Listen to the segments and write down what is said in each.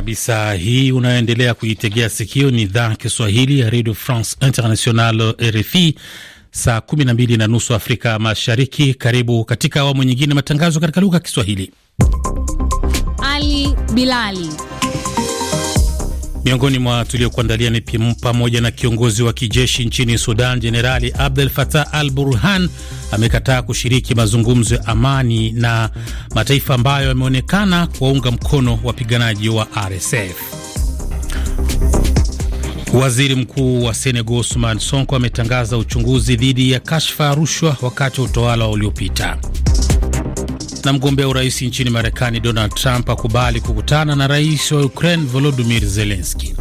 kabisa. Hii unayoendelea kuitegea sikio ni idhaa Kiswahili ya Radio France International, RFI. Saa kumi na mbili na nusu Afrika Mashariki. Karibu katika awamu nyingine matangazo katika lugha ya Kiswahili. Ali Bilali Miongoni mwa tuliokuandalia ni pamoja na kiongozi wa kijeshi nchini Sudan Jenerali Abdel Fattah al Burhan amekataa kushiriki mazungumzo ya amani na mataifa ambayo yameonekana kuwaunga mkono wapiganaji wa RSF. Waziri Mkuu wa Senegal Ousmane Sonko ametangaza uchunguzi dhidi ya kashfa ya rushwa wakati wa utawala uliopita. Na mgombea urais nchini Marekani Donald Trump akubali kukutana na rais wa Ukraine Volodymyr Zelensky.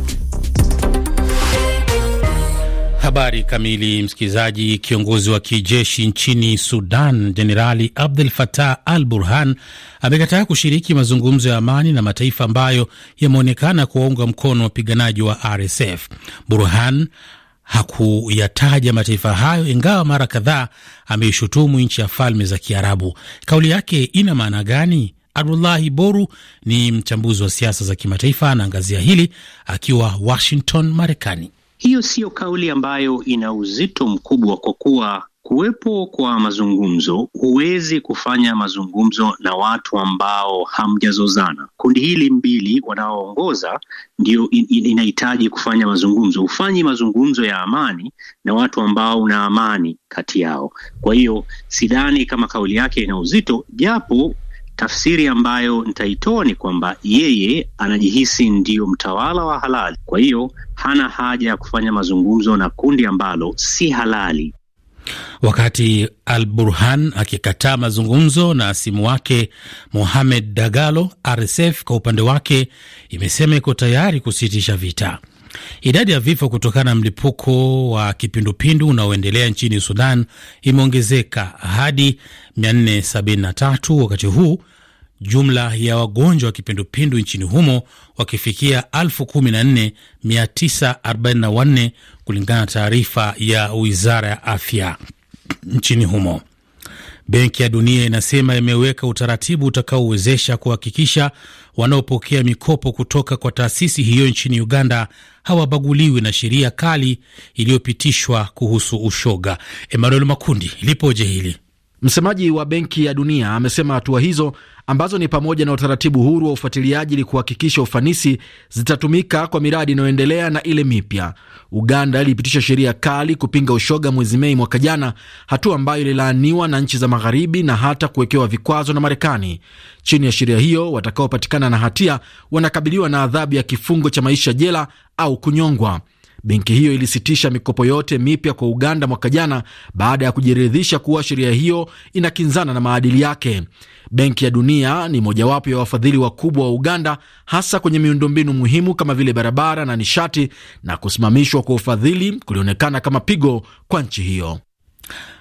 Habari kamili, msikilizaji. Kiongozi wa kijeshi nchini Sudan Jenerali Abdel Fattah al Burhan amekataa kushiriki mazungumzo ya amani na mataifa ambayo yameonekana kuwaunga mkono wapiganaji wa RSF. Burhan hakuyataja mataifa hayo, ingawa mara kadhaa ameishutumu nchi ya Falme za Kiarabu. Kauli yake ina maana gani? Abdullahi Boru ni mchambuzi wa siasa za kimataifa, anaangazia hili akiwa Washington, Marekani. Hiyo siyo kauli ambayo ina uzito mkubwa, kwa kuwa kuwepo kwa mazungumzo, huwezi kufanya mazungumzo na watu ambao hamjazozana. Kundi hili mbili wanaoongoza ndio in, in, inahitaji kufanya mazungumzo. Hufanyi mazungumzo ya amani na watu ambao una amani kati yao. Kwa hiyo sidhani kama kauli yake ina uzito, japo tafsiri ambayo nitaitoa ni kwamba yeye anajihisi ndiyo mtawala wa halali, kwa hiyo hana haja ya kufanya mazungumzo na kundi ambalo si halali. Wakati Al Burhan akikataa mazungumzo na simu wake Mohamed Dagalo, RSF kwa upande wake imesema iko tayari kusitisha vita. Idadi ya vifo kutokana na mlipuko wa kipindupindu unaoendelea nchini Sudan imeongezeka hadi 473 wakati huu jumla ya wagonjwa wa kipindupindu nchini humo wakifikia 14944 kulingana na taarifa ya wizara ya afya nchini humo. Benki ya Dunia inasema imeweka utaratibu utakaowezesha kuhakikisha wanaopokea mikopo kutoka kwa taasisi hiyo nchini Uganda hawabaguliwi na sheria kali iliyopitishwa kuhusu ushoga. Emmanuel Makundi, lipoje hili? Msemaji wa Benki ya Dunia amesema hatua hizo ambazo ni pamoja na utaratibu huru wa ufuatiliaji ili kuhakikisha ufanisi zitatumika kwa miradi inayoendelea na ile mipya. Uganda ilipitisha sheria kali kupinga ushoga mwezi Mei mwaka jana, hatua ambayo ililaaniwa na nchi za Magharibi na hata kuwekewa vikwazo na Marekani. Chini ya sheria hiyo, watakaopatikana na hatia wanakabiliwa na adhabu ya kifungo cha maisha jela au kunyongwa. Benki hiyo ilisitisha mikopo yote mipya kwa Uganda mwaka jana baada ya kujiridhisha kuwa sheria hiyo inakinzana na maadili yake. Benki ya Dunia ni mojawapo ya wafadhili wakubwa wa Uganda, hasa kwenye miundombinu muhimu kama vile barabara na nishati, na kusimamishwa kwa ufadhili kulionekana kama pigo kwa nchi hiyo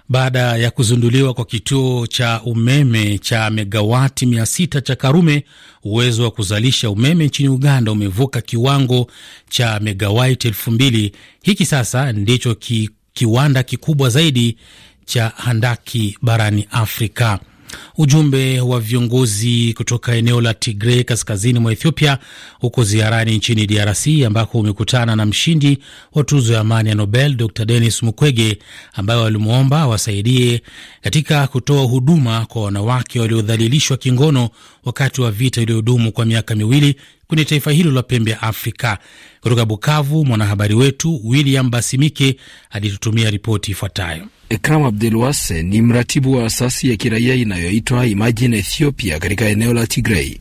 baada ya kuzinduliwa kwa kituo cha umeme cha megawati 600 cha Karume. Uwezo wa kuzalisha umeme nchini Uganda umevuka kiwango cha megawati 2000. Hiki sasa ndicho ki, kiwanda kikubwa zaidi cha handaki barani Afrika. Ujumbe wa viongozi kutoka eneo la tigre kaskazini mwa Ethiopia huko ziarani nchini DRC ambako umekutana na mshindi wa tuzo ya amani ya Nobel Dr Denis Mukwege ambaye walimwomba wasaidie katika kutoa huduma kwa wanawake waliodhalilishwa kingono wakati wa vita iliyodumu kwa miaka miwili kwenye taifa hilo la pembe ya Afrika. Kutoka Bukavu, mwanahabari wetu William Basimike alitutumia ripoti ifuatayo. Ekram Abdul Wase ni mratibu wa asasi ya kiraia inayoitwa Imagine Ethiopia katika eneo la Tigrei.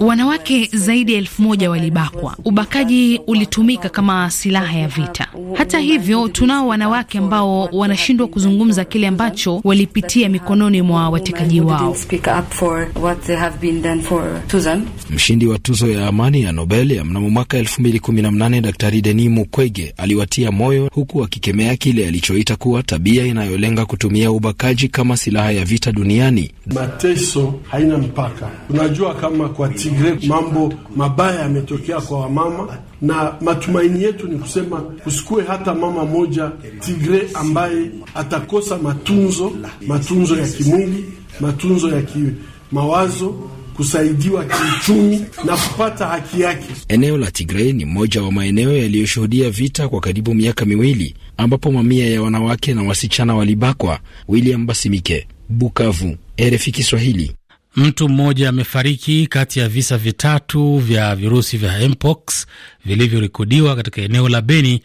Wanawake zaidi ya elfu moja walibakwa. Ubakaji ulitumika kama silaha ya vita. Hata hivyo, tunao wanawake ambao wanashindwa kuzungumza kile ambacho walipitia mikononi mwa watekaji wao up for what they have been done for to them. Mshindi wa tuzo ya amani ya Nobel ya mnamo mwaka 2018 Daktari Denis Mukwege aliwatia moyo huku akikemea kile alichoita kuwa tabia inayolenga kutumia ubakaji kama silaha ya vita duniani. Mateso haina mpaka. Tunajua kama kwa Tigre mambo mabaya yametokea kwa wamama na matumaini yetu ni kusema kusikue hata mama moja Tigre ambaye atakosa matunzo, matunzo ya kimwili matunzo ya kimawazo, kusaidiwa kiuchumi na kupata haki yake. Eneo la Tigray ni moja wa maeneo yaliyoshuhudia vita kwa karibu miaka miwili, ambapo mamia ya wanawake na wasichana walibakwa. William Basimike, Bukavu, RFI Kiswahili. Mtu mmoja amefariki kati ya visa vitatu vya virusi vya mpox vilivyorekodiwa katika eneo la Beni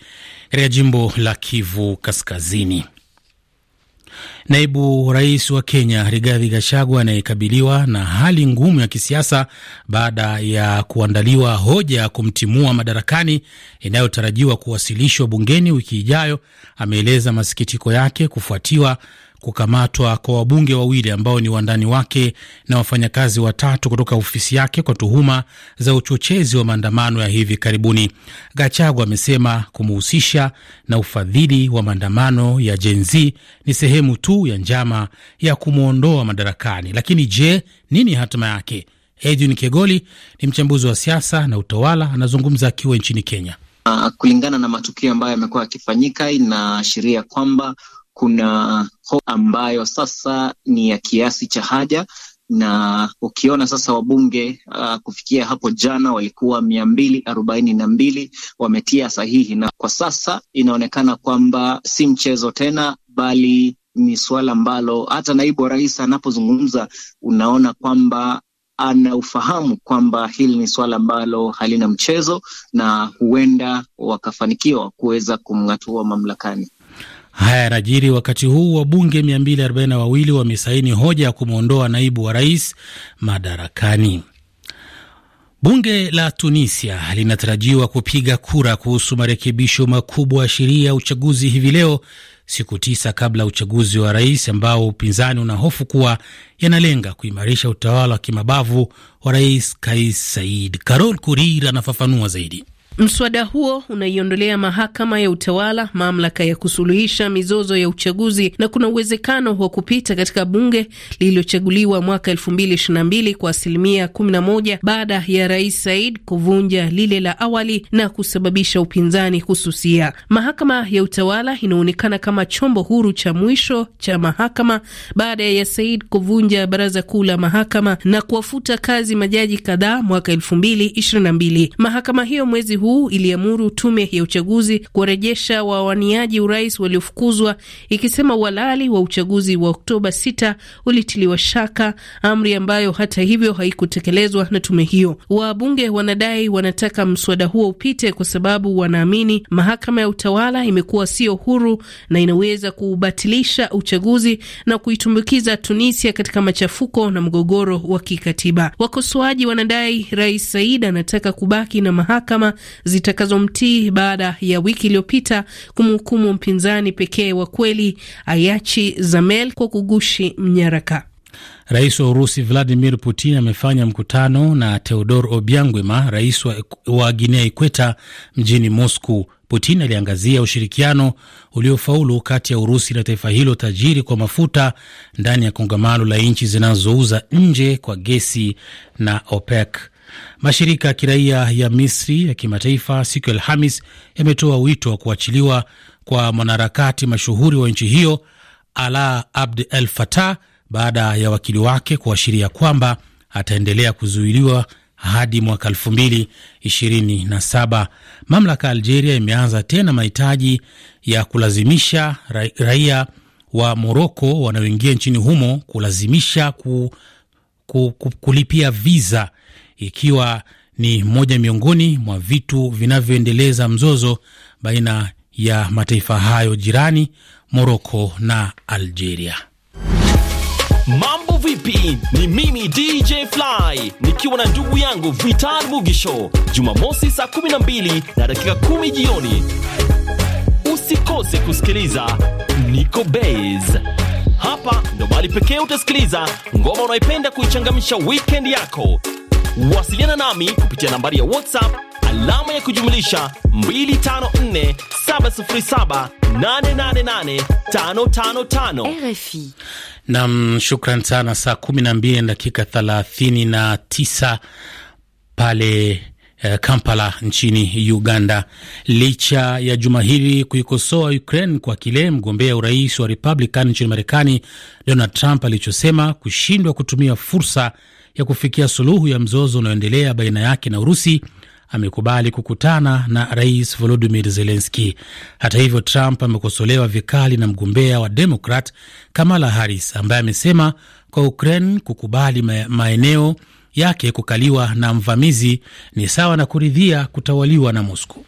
katika jimbo la Kivu Kaskazini. Naibu rais wa Kenya Rigathi Gachagua anayekabiliwa na hali ngumu ya kisiasa baada ya kuandaliwa hoja ya kumtimua madarakani inayotarajiwa kuwasilishwa bungeni wiki ijayo, ameeleza masikitiko yake kufuatiwa kukamatwa kwa wabunge wawili ambao ni wandani wake na wafanyakazi watatu kutoka ofisi yake kwa tuhuma za uchochezi wa maandamano ya hivi karibuni. Gachagua amesema kumuhusisha na ufadhili wa maandamano ya Gen Z ni sehemu tu ya njama ya kumwondoa madarakani. Lakini je, nini hatima yake? Edwin Kegoli ni mchambuzi wa siasa na utawala, anazungumza akiwa nchini Kenya. Ah, kulingana na matukio ambayo yamekuwa yakifanyika, inaashiria kwamba kuna hofu ambayo sasa ni ya kiasi cha haja na ukiona sasa wabunge uh, kufikia hapo jana walikuwa mia mbili arobaini na mbili wametia sahihi, na kwa sasa inaonekana kwamba si mchezo tena, bali ni suala ambalo hata naibu wa rais anapozungumza unaona kwamba anaufahamu kwamba hili ni suala ambalo halina mchezo na huenda wakafanikiwa kuweza kumng'atua mamlakani. Haya yanajiri wakati huu wabunge 242 wamesaini hoja ya kumwondoa naibu wa rais madarakani. Bunge la Tunisia linatarajiwa kupiga kura kuhusu marekebisho makubwa ya sheria ya uchaguzi hivi leo, siku tisa kabla ya uchaguzi wa rais ambao upinzani unahofu kuwa yanalenga kuimarisha utawala wa kimabavu wa rais Kais Saied. Carol Kurir anafafanua zaidi. Mswada huo unaiondolea mahakama ya utawala mamlaka ya kusuluhisha mizozo ya uchaguzi na kuna uwezekano wa kupita katika bunge lililochaguliwa mwaka 2022 kwa asilimia 11 baada ya Rais Said kuvunja lile la awali na kusababisha upinzani kususia. Mahakama ya utawala inaonekana kama chombo huru cha mwisho cha mahakama baada ya Said kuvunja baraza kuu la mahakama na kuwafuta kazi majaji kadhaa mwaka 2022. Mahakama hiyo mwezi huu huu iliamuru tume ya uchaguzi kuwarejesha wawaniaji urais waliofukuzwa, ikisema uhalali wa uchaguzi wa Oktoba 6 ulitiliwa shaka, amri ambayo hata hivyo haikutekelezwa na tume hiyo. Wabunge wanadai wanataka mswada huo upite kwa sababu wanaamini mahakama ya utawala imekuwa sio huru na inaweza kuubatilisha uchaguzi na kuitumbukiza Tunisia katika machafuko na mgogoro wa kikatiba. Wakosoaji wanadai Rais Said anataka kubaki na mahakama zitakazomtii baada ya wiki iliyopita kumhukumu mpinzani pekee wa kweli Ayachi Zamel kwa kugushi mnyaraka. Rais wa Urusi Vladimir Putin amefanya mkutano na Teodor Obiangwema, rais wa, wa Guinea Ikweta mjini Moscow. Putin aliangazia ushirikiano uliofaulu kati ya Urusi na taifa hilo tajiri kwa mafuta ndani ya kongamano la nchi zinazouza nje kwa gesi na OPEC. Mashirika ya kiraia ya Misri ya kimataifa siku ya Alhamis yametoa wito wa kuachiliwa kwa mwanaharakati mashuhuri wa nchi hiyo Ala Abd El Fatah baada ya wakili wake kuashiria kwamba ataendelea kuzuiliwa hadi mwaka el227 Mamlaka ya Algeria imeanza tena mahitaji ya kulazimisha ra raia wa Moroko wanaoingia nchini humo kulazimisha ku, ku, ku, kulipia viza ikiwa ni moja miongoni mwa vitu vinavyoendeleza mzozo baina ya mataifa hayo jirani, Moroko na Algeria. Mambo vipi? Ni mimi DJ Fly nikiwa na ndugu yangu Vital Mugisho, Jumamosi saa 12 na dakika 10 jioni, usikose kusikiliza Niko bas Hapa ndo bali pekee utasikiliza ngoma unaipenda kuichangamsha wikend yako. Wasiliana nami kupitia nambari ya WhatsApp alama ya kujumlisha 254 RFI. Nam, shukran sana. Saa 12 na dakika 39 pale eh, Kampala nchini Uganda. Licha ya juma hili kuikosoa Ukraine kwa kile mgombea urais wa Republican nchini Marekani Donald Trump alichosema kushindwa kutumia fursa ya kufikia suluhu ya mzozo unaoendelea baina yake na Urusi amekubali kukutana na rais Volodimir Zelenski. Hata hivyo, Trump amekosolewa vikali na mgombea wa Demokrat Kamala Harris ambaye amesema kwa Ukraine kukubali maeneo yake kukaliwa na mvamizi ni sawa na kuridhia kutawaliwa na Moscow.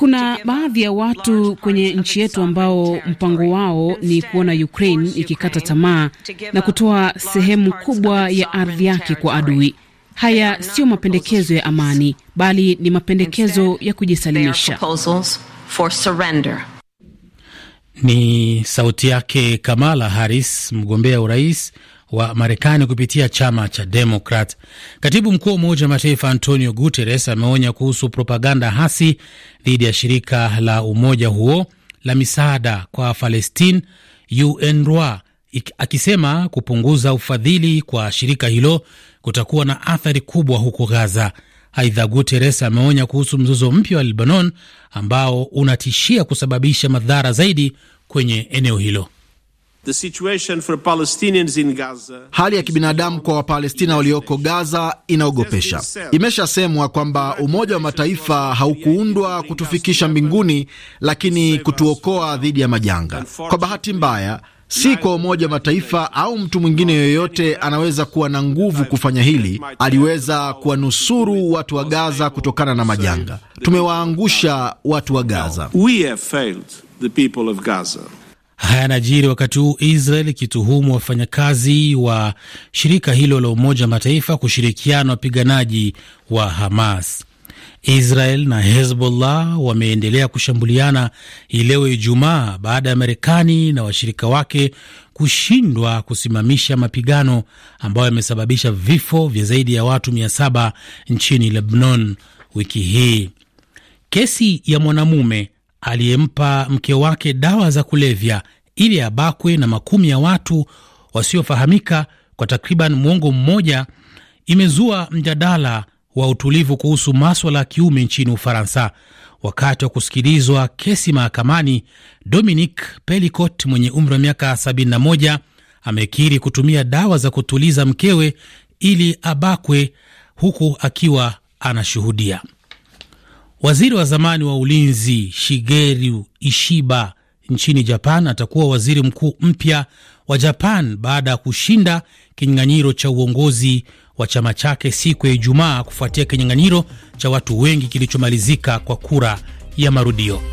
Kuna baadhi ya watu kwenye nchi yetu ambao mpango wao ni kuona Ukraine ikikata tamaa na kutoa sehemu kubwa ya ardhi yake kwa adui. Haya siyo mapendekezo ya amani, bali ni mapendekezo ya kujisalimisha. Ni sauti yake Kamala Harris, mgombea urais wa Marekani kupitia chama cha Demokrat. Katibu mkuu wa Umoja wa Mataifa Antonio Guterres ameonya kuhusu propaganda hasi dhidi ya shirika la umoja huo la misaada kwa Palestine UNRWA, akisema kupunguza ufadhili kwa shirika hilo kutakuwa na athari kubwa huko Gaza. Aidha, Guterres ameonya kuhusu mzozo mpya wa Lebanon ambao unatishia kusababisha madhara zaidi kwenye eneo hilo. The situation for Palestinians in Gaza. Hali ya kibinadamu kwa Wapalestina walioko Gaza inaogopesha. Imeshasemwa kwamba Umoja wa Mataifa haukuundwa kutufikisha mbinguni, lakini kutuokoa dhidi ya majanga. Kwa bahati mbaya, si kwa Umoja wa Mataifa au mtu mwingine yoyote anaweza kuwa na nguvu kufanya hili. Aliweza kuwanusuru watu wa Gaza kutokana na majanga. Tumewaangusha watu wa Gaza. We have failed the people of Gaza. Haya yanajiri wakati huu Israel ikituhumu wafanyakazi wa shirika hilo la Umoja wa Mataifa kushirikiana wapiganaji wa Hamas. Israel na Hezbollah wameendelea kushambuliana hii leo Ijumaa baada ya Marekani na washirika wake kushindwa kusimamisha mapigano ambayo yamesababisha vifo vya zaidi ya watu 7 nchini Lebanon wiki hii. Kesi ya mwanamume aliyempa mke wake dawa za kulevya ili abakwe na makumi ya watu wasiofahamika kwa takriban mwongo mmoja, imezua mjadala wa utulivu kuhusu maswala ya kiume nchini Ufaransa. Wakati wa kusikilizwa kesi mahakamani, Dominic Pelicot mwenye umri wa miaka 71 amekiri kutumia dawa za kutuliza mkewe ili abakwe huku akiwa anashuhudia. Waziri wa zamani wa ulinzi Shigeru Ishiba nchini Japan atakuwa waziri mkuu mpya wa Japan baada ya kushinda kinyang'anyiro cha uongozi wa chama chake siku ya Ijumaa kufuatia kinyang'anyiro cha watu wengi kilichomalizika kwa kura ya marudio.